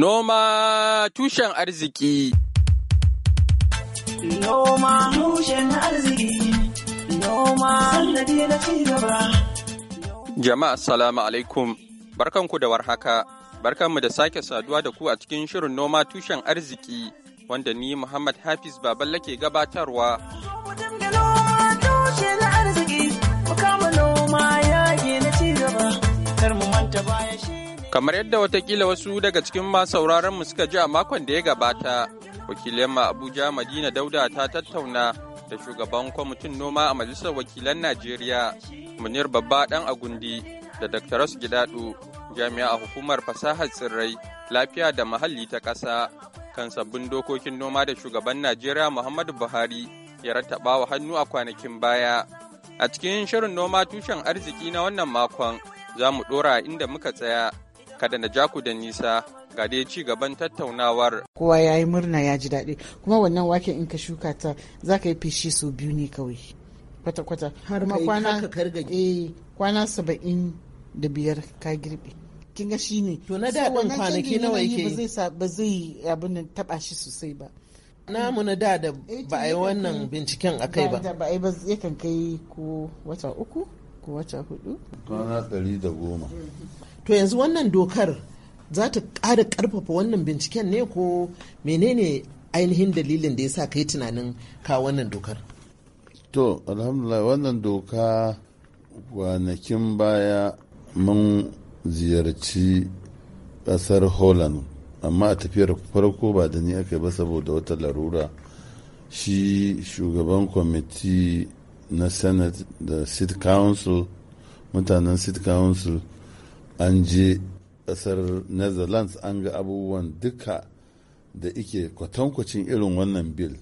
Noma tushen arziki. Jama'a salamu alaikum. Barkanku da warhaka. Barkanmu da sake saduwa da ku a cikin shirin noma tushen arziki wanda ni Muhammad Hafiz Baballa ke gabatarwa. Kamar yadda watakila wasu daga cikin masu mu suka ji a makon da ya gabata, wakilin ma Abuja Madina Dauda ta tattauna da shugaban kwamitin noma a Majalisar Wakilan Najeriya, Munir Babba Dan Agundi da Dr. Rasu Gidadu, jami'a a hukumar fasahar tsirrai, lafiya da muhalli ta ƙasa, kan sabbin dokokin noma da shugaban Najeriya Muhammadu Buhari ya rattaba wa hannu a kwanakin baya. A cikin shirin noma tushen arziki na wannan makon, za mu ɗora inda muka tsaya kada na ja ku da nisa ga dai ci gaban tattaunawar. Kowa ya yi murna ya ji daɗi kuma wannan wake in ka shuka ta za ka yi feshi sau biyu ne kawai kwata-kwata. Har ma kwana eh, kwana saba'in da biyar ka girbe. Kin ga shi ne. To na da daɗin kwanaki nawa yake. Ba zai abin nan taɓa shi sosai ba. namu na da da eh, ba a yi wannan binciken a kai ba. ba a yi ba yakan kai ko wata uku ko wata hudu. Kwana ɗari da goma. Mm-hmm. to yanzu wannan dokar za ta ƙara ƙarfafa wannan binciken ne ko menene ainihin dalilin da ya sa ka yi tunanin ka wannan dokar to alhamdulillah wannan doka kwanakin baya mun ziyarci ƙasar holland amma a tafiyar farko ba da ni aka yi ba saboda wata larura shi shugaban kwamiti na senate da city council mutanen city council an je ƙasar netherlands an ga abubuwan duka da ike kwatankwacin irin wannan bil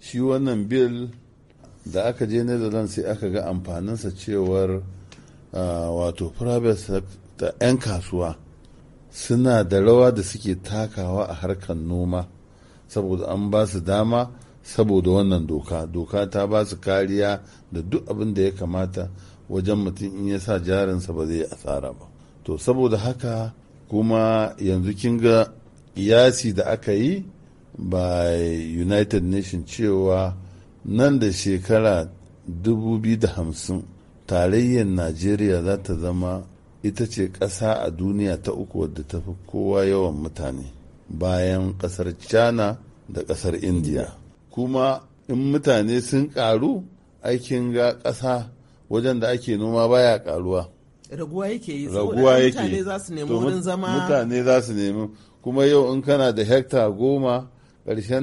shi wannan bil da aka je netherlands sai aka ga amfaninsa cewar wato private sector 'yan kasuwa suna da rawa da suke takawa a harkar noma saboda an ba su dama saboda wannan doka doka ta ba su kariya da duk abin da ya kamata wajen mutum in ya sa jarinsa ba zai asara ba to saboda haka kuma yanzu kin ga yasi da aka yi by united nations cewa nan da shekara 2050 tarayyar najeriya za ta zama ita ce ƙasa a duniya ta uku wadda ta fi kowa yawan mutane bayan ƙasar china da ƙasar india kuma in mutane sun ƙaru aikin ga ƙasa wajen da ake noma baya ƙaruwa raguwa yake yi raguwa yake mutane za su nemi wurin zama mutane za su nemi kuma yau in kana da hekta goma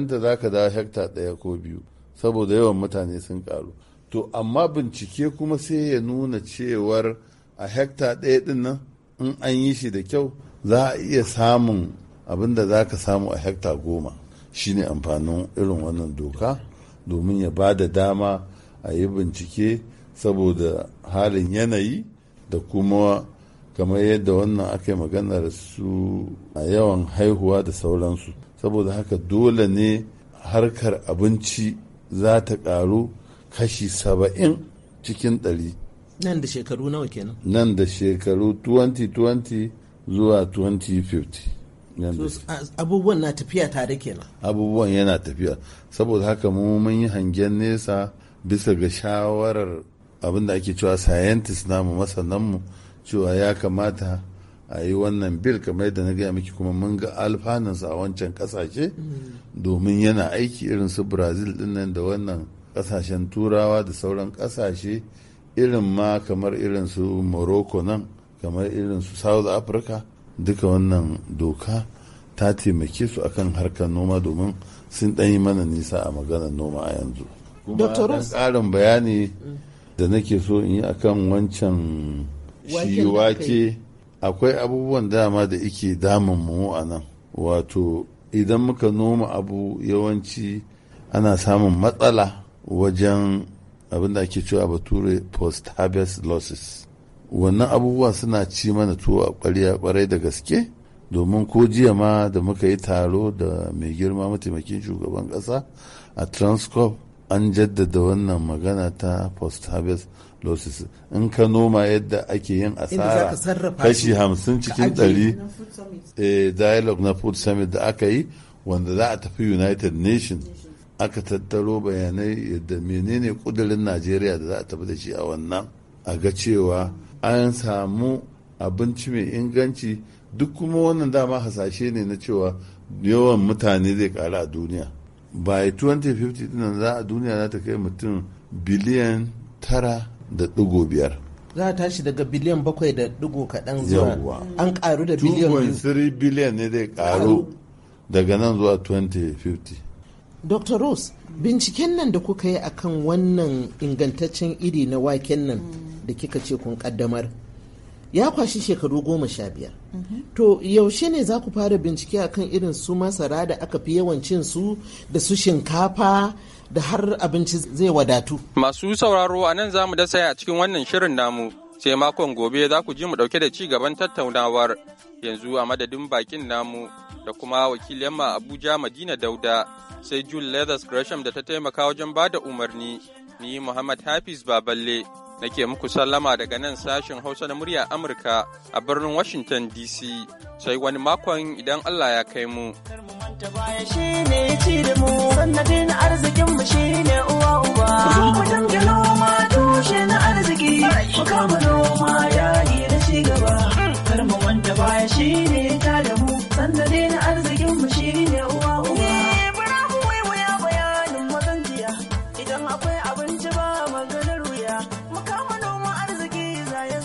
ta za ka dawo hekta ɗaya ko biyu saboda yawan mutane sun karu to amma bincike kuma sai ya nuna cewar a hekta ɗaya ɗin nan in an yi shi da kyau za a iya samun abin da za ka samu a hekta goma shine amfanin irin wannan doka domin ya ba da dama a yi bincike saboda halin yanayi da kuma kamar yadda wannan aka yi maganar su a yawan haihuwa da sauransu saboda haka dole ne harkar abinci za ta ƙaru kashi saba'in cikin ɗari nan da shekaru nawa kenan nan da shekaru 2020 zuwa 2050 abubuwan na tafiya tare kenan abubuwan yana tafiya saboda haka mu mun yi hangen nesa bisa ga shawarar abin da ake cewa scientist namu masananmu cewa ya kamata a yi wannan bil kamar yadda na gaya miki kuma mun ga alfanansa a wancan kasashe domin yana aiki irin su brazil nan da wannan kasashen turawa da sauran kasashe irin ma kamar irin su morocco nan kamar irin su south africa duka wannan doka ta taimake su akan harkar noma domin sun ɗanyi mana nisa a maganar noma a yanzu kuma ƙarin bayani mm. da nake so in yi akan wancan shi akwai abubuwan dama da ike damun mu a nan wato idan muka noma abu yawanci ana samun matsala wajen abin da ake cewa bature post harvest losses wannan abubuwa suna ci mana tuwo a ƙwariya ƙwarai da gaske domin ko jiya ma da muka yi taro da mai girma mataimakin shugaban ƙasa a transcorp an jaddada wannan magana ta post harvest losses in ka noma yadda ake yin asara kashi hamsin cikin ɗari eh, dialogue na food summit da aka yi wanda za a tafi united nations aka tattaro bayanai yadda menene kudurin najeriya da za a tafi da shi a wannan a ga cewa an samu abinci mai inganci duk kuma wannan dama hasashe ne na cewa yawan mutane zai kara a duniya by 2050 nan za a duniya za ta kai mutum biliyan tara da ɗigo biyar za a tashi daga biliyan bakwai da ɗigo kaɗan zuwa an ƙaru da biliyan 2.3 biliyan ne zai ƙaru daga nan zuwa 2050 dr rose binciken nan da kuka yi akan wannan ingantaccen iri na waken nan da kika ce kun ƙaddamar ya kwashi shekaru goma sha biyar mhm. to yaushe ne za ku fara bincike akan irin su masara da aka fi yawan cin su da su shinkafa da har abinci zai wadatu masu sauraro a nan za mu dasa a cikin wannan shirin namu sai makon gobe za ku ji mu ɗauke da ci gaban tattaunawar yanzu a madadin bakin namu da kuma wakilin ma abuja madina dauda sai jule leathers gresham da ta taimaka wajen bada umarni ni muhammad hafiz baballe nake muku sallama daga nan sashen Hausa na murya Amurka a birnin Washington DC sai wani makon idan Allah ya kai mu. Kar mu wanda baya shi ne ta da mu, sannadin arzikinmu shi ne uwa.